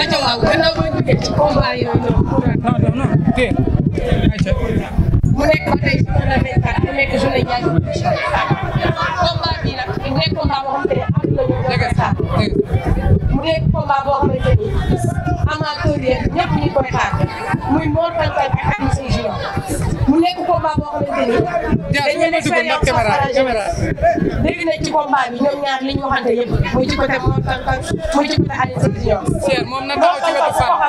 ayca waaw gannaaw boo jógee ci combat yooyu noonu. mu nekk ba tey su la nekk mu nekk journée jaajëfal combat bi nag mu nekk combat boo xamante ne am na ñu koy xaar. mu nekk combat boo xamante ni amateur yi ñëpp ñu koy xaar muy Mor Fadam ak combat boo xamante ni dañu caméra caméra dégg na ci combat bi ñoom ñaar li ñu waxante yëpp muy ci côté moom Kankan muy ci côté Alioune Sèye Junior. Cheikh moom na taxaw ci wetu Fatma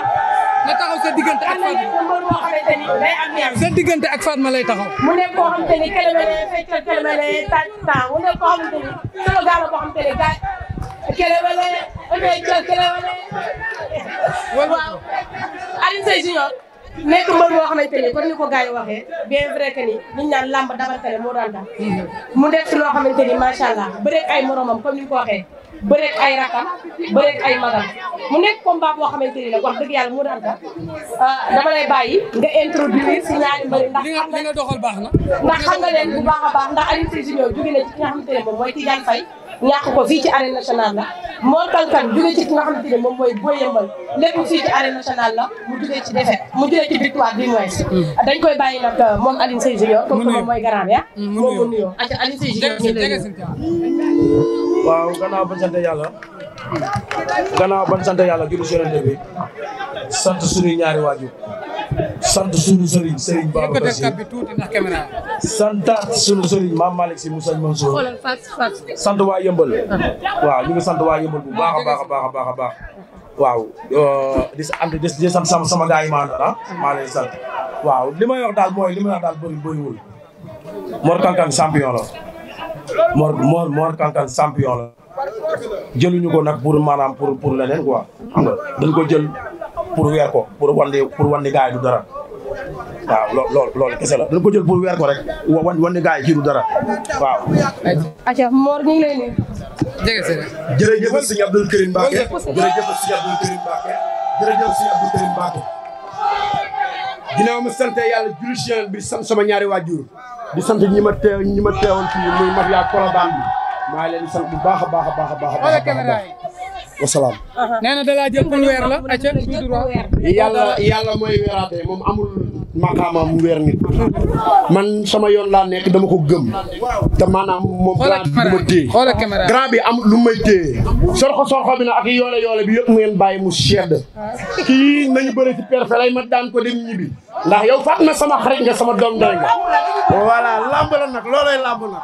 na taxaw sa diggante ak Fatma. day am ñaar sa diggante ak Fatma lay taxaw. mu nekk koo xamante ni këlemale feccal këlemale tàcc temps mu nekk koo xamante ni solo gaama koo xamante ni gaa këlemale feccal këlemale waaw Alioune Sèye Junior nekk mbër moo xamante ni kon ni ko gars yi waxee bien vrai que ni ñu naan làmb dabarkale moo daan daal. mu nekk si loo xamante ni macha allah bëreeg ay moromam comme ni ko waxee bëreeg ay rakam bëreeg ay magam mu nekk combat boo xamante ni nag wax dëgg yàlla moo daan daal ah, dama lay bàyyi nga introduire si ñaari mbëri ndax. li baax na. ndax xam nga leen bu baax a baax ndax Alioune Sèye Junior jóge na ci ki ne moom mooy Tidiane Faye. ñàkk ko fii ci arène nationale la Mor Kang Kang ci ki nga moom mooy Boy Yeumbeul lépp fii ci arène nationale la mu jógee ci défaite mu jógee ci victoire du moins mm. dañ koy bàyyi nag euh, moom Alioune Sèye Junior moom mooy garab ya ah. mm, moom mu nuyoo ak Alioune Sèye Junior ñu lay waaw gannaaw bañ sant yàlla gannaaw bañ sant yàlla julli si yonent sant suñuy ñaari waajur sant sunu sëriñ sëriñ Babacar Sy santaat sunu sëriñ Maam Malick Sy Moussa Mansour sant waa yëmbal waaw ñu ngi sant waa yëmbal bu baax a baax a baax a a baax waaw euh, di sant di sant sama sama gars yi ah, maa dara maa waaw li may wax daal mooy li may wax daal bëri bëriwul Mor Kankan champion la Mor Mor Mor Kankan champion la jëluñu ko nag pour maanaam pour pour leneen quoi xam nga dañ ko jël pour weer ko pour wan pour wan ni gars dara waaw loolu loolu kese la dañ ko jël pour weer ko rek wa wan wan ni gars yi ci du dara waaw. atia Mor ñu ngi lay nuyu. jërëjëf sëñ Abdou Karim Mbacké jërëjëf sëñ Abdou Karim Mbacké jërëjëf sëñ Abdou Karim Mbacké. ginnaaw ma sant yàlla julli si yàlla bi sant sama ñaari waajur di sant ñi ma teew ñi ma teewoon fii muy mag yaa Kolobaan bi maa ngi leen di sant bu baax a baax a baax a baax. wala caméra yi wasalaam. nee na da laa jël pour weer la. ayca yàlla yàlla mooy weeraate moom amul. maqaama mu weer nit man sama yoon laa nekk dama ko gëm te maanaam moom grand bi du ma téye grand bi am lu may téye sorxo sorxo bi na ak yoole yoole bi yëpp ngeen bàyyi mu sedd kii nañu bëri ci perfe lay ma daan ko dem ñibbi ndax yow faat na sama xarit nga sama doom doy nga voilà lamb nag looloy lamb nag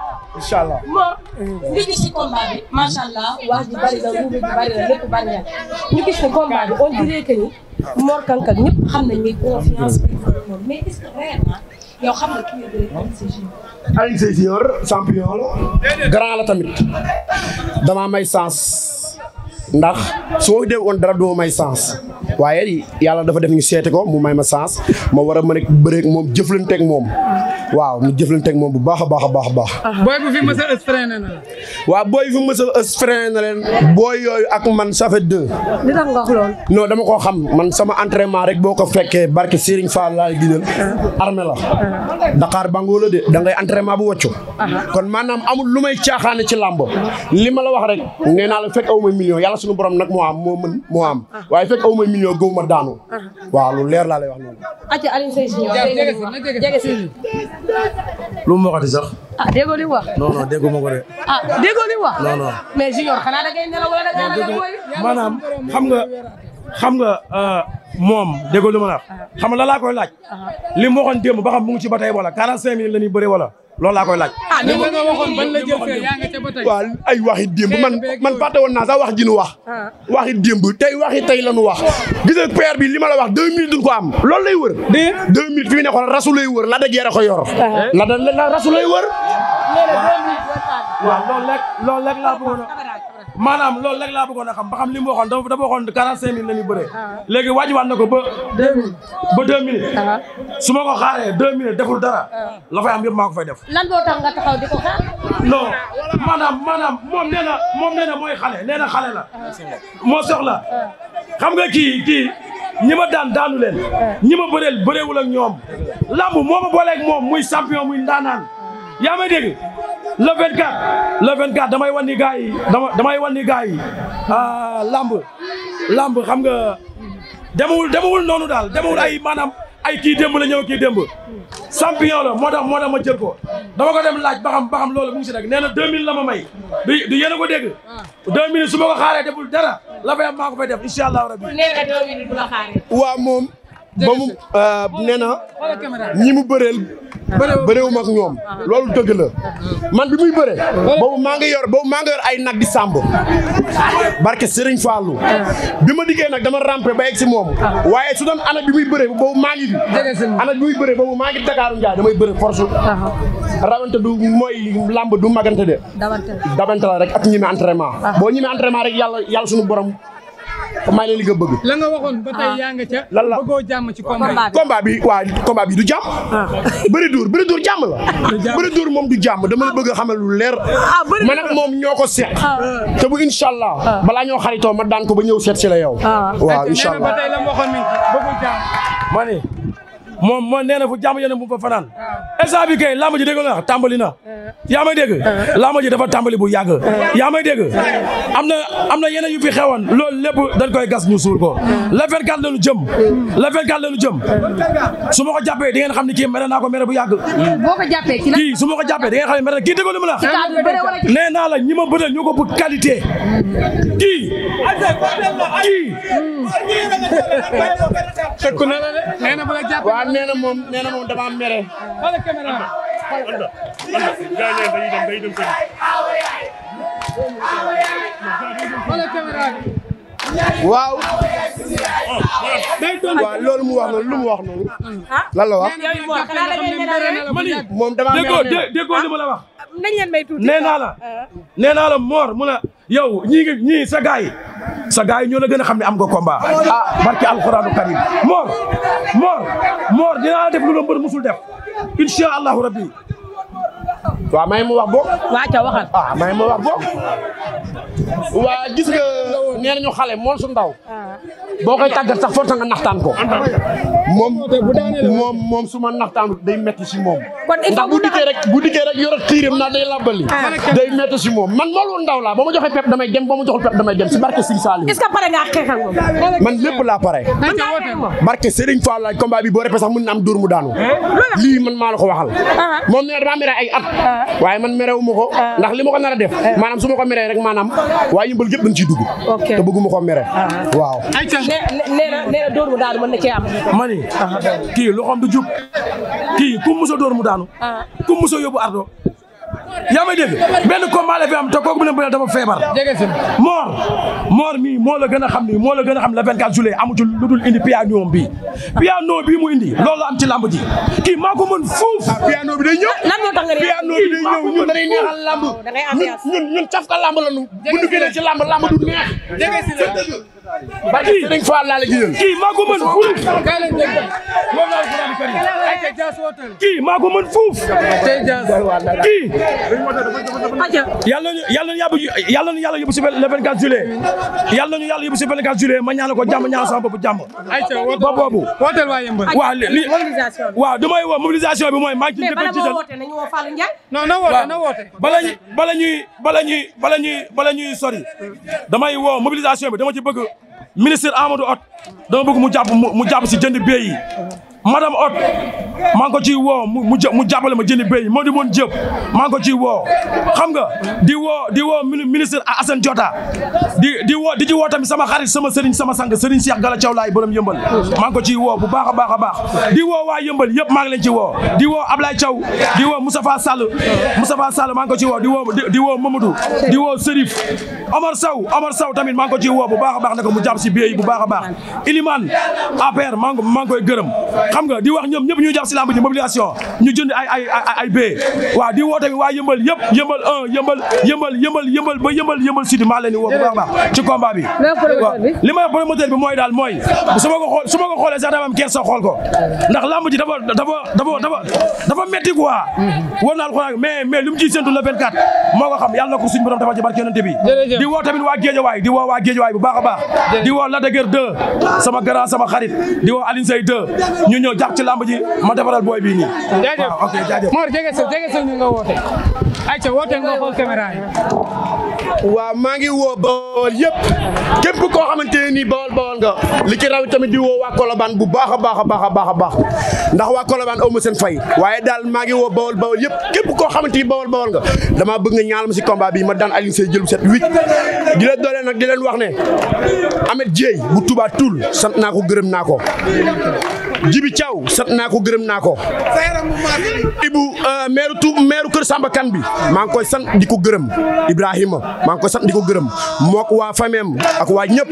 Mor Kankang ñëpp xam nañ ne confiance bi grand la tamit damaa may sens ndax su ma dee woon dara doo may sens waaye yàlla dafa def ñu seeti ko mu may ma sens ma war a mën a bëreeg moom jëflanteeg moom. waaw mu jëflante ak moom bu baax a baax a baax a baax. booy bu fi mës a ës freiné na. waaw booy fi mës a ës na leen. booy yooyu ak man ça fait deux. li dama koo xam man sama entraînement rek boo ko fekkee barke Serigne Fall laay gënal. armé la. Dakar bangoo la de da ngay entraînement bu wàccu. kon maanaam amul lu may caaxaane ci làmb. li ma la wax rek nee naa la fekk a ma million yàlla suñu borom nag moo am moo mën moo am waaye fekk aw ma million gëw ma daanu. waaw lu laa lay wax lu mu waxati sax. ah déggoo li wax. non non déggu ma ko de. Ah, wax. mais junior xanaa da ngay nelaw wala da ngay maanaam xam nga xam nga euh, moom déggoo li ma la wax. Ah. xam nga la laa koy laaj. Ah. li mu waxoon ba xam mu ngi ci ba tey wala 45 minutes la ñuy bëre wala. loolu laa koy laaj. ah ni nga waxoon la jël fee yaa ay waxi démb man man fàtte woon naa sax wax ji nu wax. Ah. waxi démb tey waxi tey la nu wax. gis nga bi li ma la wax deux minutes duñ ko am. lool lay wër. dégg nga fi mu ne xool rasu lay wër la da gerte ko yor. Ah. la da la rasu lay wër. waaw loolu maanaam loolu léegi laa bëggoon a xam ba xam li mu waxoon dafa waxoon quarante cinq mille la ñuy bëree ah. léegi wàññiwaat na ko ba deux na ko deux minutes ah. su ma ko xaaree deux minutes deful dara ah. la fay am yëpp maa ko fay def lan boo tax nga taxaw maanaam maanaam moom nee moom nee na mooy xale nee na xale la moo soxla xam nga ki kii ñi ma daan daanu leen ñi ma bëreel bëreewul ak ñoom lamb moo ma booleeg moom muy champion muy ndaanaan yaa may le 24 le 24 damay wan ni gars yi damay wan ni gars yi ah, lamb lamb xam nga dem demewul demewul noonu daal demewul ay maanaam ay kii démb la ñëw kii démb champion moo tax moo tax ma jël ko dama ko dem laaj ba xam ba xam loolu mu ngi si nag nee na 2000 la ma may du du a ko dégg 2000 su ma ko xaaree deful dara la fay am maa ko fay def incha allahu rabi. nee na 2000 bu la xaaree. waaw moom ba mu euh, nee na ñi mu bëreel. bëreewuma ak ñoom loolu dëgg la man bi muy bëre boobu maa ngi yor boobu maa ngi yor ay nag di sàmb barke Serigne Fallou bi ma dikkee nag dama rampe ba egg si moom waaye su doon ana bi muy bëre boobu maa ngi ana bi muy bëre boobu maa ngi Dakaaru Njaay damay bëre force uh-huh. rawante du mooy lamb du magante de dabante la rek ak ñi mi entraînement uh-huh. boo ñi mi entraînement rek yàlla yàlla suñu borom may leen li nga bëgg. la nga ba tey ah. yaa nga ca. lan la bëggoo jàmm ci combat bi combat bi waa combat bi du jàmm. Ah. bëri duur bëri duur jàmm la. bëri duur moom du jàmm dama la bëgg a xamal lu leer. Ah, ma ak moom ñoo ko seq. te bu incha allah. balaa ñoo xaritoo ma daan ko ba ñëw seet si la yow. waaw incha allah ba moom moo nee na fu jàmm yéen mu fa fanaan instant bi kay làmb ji dégg nga tàmbali na euh. yaa may dégg euh. làmb ji dafa tàmbali bu yàgg euh. yaa may dégg am na am na yeneen yu fi xewoon loolu lépp dañ koy gas ñu suul ko la vingt quatre lañu jëm la vingt quatre lañu jëm su ma ko jàppee di ngeen xam ne kii mere naa ko mere bu yàgg kii su ma ko jàppee di ngeen xam ne mere kii déggoo li mu la nee naa la ñi ma bëtal ñoo ko bu qualité kii kii man na moom nee na moom dama mere. xoolal caméra bi loolu mu wax noonu lu mu wax noonu. Ah? lan la wax. moom dama mere. déggoo déggoo la wax. Ah, nañ leen may tuuti nee naa la ah. nee naa la moor mu ne yow ñii ñii sa gars yi sa yi ñoo la gën a xam ne am nga combat ah barki alxuraanu karim Mor Mor Mor dinaa def lu la mbër musul def incha allahu rabbi waaw may mu wax boog. waa ca waxal. Ah, may mu wax boog. waa gis nga nee nañu xale mool su ndaw. boo koy tàggat sax forta nga naxtaan ko. moom moom moom su ma naxtaanut day metti si moom. kon ndax bu dikkee rek bu dikkee rek yore tiiram naa day làbbali. Ah. day metti si moom man moolu ndaw laa ba ma joxee pep damay dem ba mu joxul pep damay dem si barke Sëriñ Saliou. man lépp laa pare. barke Sëriñ Fall laaj combat bi boo répé sax mën na am dóor mu daanu. lii man maa ko waxal. Ah. moom nee damaa mere at waaye man merewuma ko ah. ndax li ma ko nar def ah. maanaam su ma ko meree rek maanaam waaye yëmbal gépp dañ ciy dugg te bëgguma ko mere ah. waaw nee na mu daanu mën na cee am ma ni kii loxoom du jub kii ku musa dóor mu daanu ku musa yóbbu ardo yaa may dégg benn combat la am te kooku mu ne bëre dafa feebar moor mi mii moo la gën a xam ni moo la gën a xam la 24 juillet amu ci lu dul indi piano bi piano bi mu indi loolu am ci lamb ji kii maa ko mën fuuf ah, piano bi day ñëw lan moo tax nga piano bi ñun dañuy oh, ka lamb la nu bu ñu génnee ci lamb lamb du barke Sëriñ Fall laa la jiyal kii maa ko mën fuuf kii maa ko mën fuuf kii yàlla nañu yàlla nañu yàbbu yàlla nañu yàlla yóbbu si le 24 juillet yàlla nañu si le 24 juillet ma ñaanal ko jàmm ñaanal sama bopp jàmm ba boobu wooteel waa yëmbal waaw li waaw damay woo bi mooy maa ngi ci dëkk ci non na woote na woote bala ñuy bala ñuy bala ñuy bala ñuy bala ñuy sori damay woo mobilisation bi dama ci bëgg ministre Amadou Hott dama bëgg mu jàpp mu jàpp si jënd bee madame Ott maa ngi ciy woo mu mu jàppale ma jëli béy moo di woon jëpp maa ngi ko ciy woo xam nga di woo di woo ministre Assane Diota di di woo di ci woo tamit sama xarit sama sëriñ sama sang sëriñ Cheikh Gala Thiaw laay borom yëmbal maa ngi ko ciy woo bu baax a baax a baax di woo waa yëmbal yëpp maa ngi leen ci woo di woo Ablaye Thiaw di woo Moustapha Sall Moustapha Sall maa ngi ciy woo di woo di woo Mamadou di woo Serif Omar saw Omar saw tamit maa ngi ko ciy woo bu baax a baax ne ko mu jàpp si béy bu baax a baax Ilimane maa ngi maa ngi koy gërëm xam nga di wax ñoom ñëpp ñu jàpp si lamb ji mobilisation ñu jënd ay ay ay bee waaw di woo tamit waa yëmbal yëpp yëmbal un yëmbal yëmbal yëmbal yëmbal ba yëmbal yëmbal sud maa leen woo bu baax a baax ci combat bi li may promoteur bi mooy daal mooy su ma ko xool su ma ko xoolee sax dama am xool ko ndax lamb ji dafa dafa dafa dafa dafa métti quoi war naa alxuraan mais mais lu mu ciy séntu le 24 moo ko xam yàlla na ko suñu borom dafa ci barke yonente bi di woo tamit waa géejawaay di woo waa géejawaay bu baax a baax di woo sama xarit di woo Alioune ñëw jàpp ci lamb ji ma defaral booy bii nii. jaajëf waaw ok jaajëf. jege sa jege sa ñu nga woote. ayca woote nga xool caméra yi. waaw maa ngi woo Bawol yëpp képp koo xamante ne nii Bawol Bawol nga li ci raw tamit di woo waa Colobane bu baax a baax a baax a baax a baax ndax waa Colobane aw ma seen fay waaye daal maa ngi woo Bawol Bawol yépp képp koo xamante ni Bawol Bawol nga damaa bëgg nga ñaanal ma si combat bi ma daan Alioune Seye jël bu set huit di leen doole nag di leen wax ne Ameth Dieye bu Touba sant naa ko gërëm naa ko Jibi Thiaw sant naa ko gërëm naa ko Ibu euh, maire tu maire kër Samba Kane bi maa ngi koy sant di ko gërëm Ibrahima maa ngi koy sant di ko gërëm mook waa famem ak waa ñëpp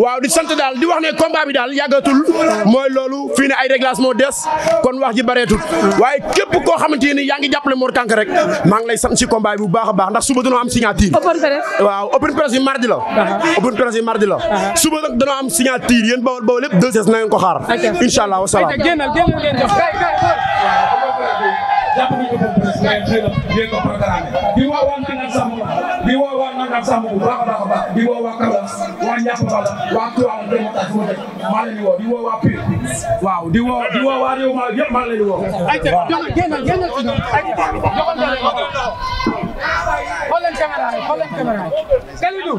waaw di sant daal di wax ne combat bi daal yàggatul mooy loolu fii ay réglages moo des kon wax ji bareetul waaye képp koo xamante ni yaa ngi jàppale Mor Kànk rek maa ngi lay sant si combat bu baax a baax ndax suba danoo am signature waaw open press yi mardi la open la suba am signature yéen bawol bawol lépp deux na ngeen ko xaar incha allah wasalaam. génnal génnal ngeen jox kay kay jàpp nañu ko boobu rek mais xëy na ngeen ko programme di woo waa Nangam Samb di woo waa Nangam Samb bu baax a baax a baax di woo waa Kaolack waa Ndiakhou Mballa waa Tivaouane Demba Tade fu ma dëkk maa leen di woo di woo waa Pire waaw di woo di woo waa réew maa yëpp maa leen di woo. ayca joxal génnal génnal ci ñoom ayca joxal génnal xool leen caméra yi xool leen caméra yi Kalidou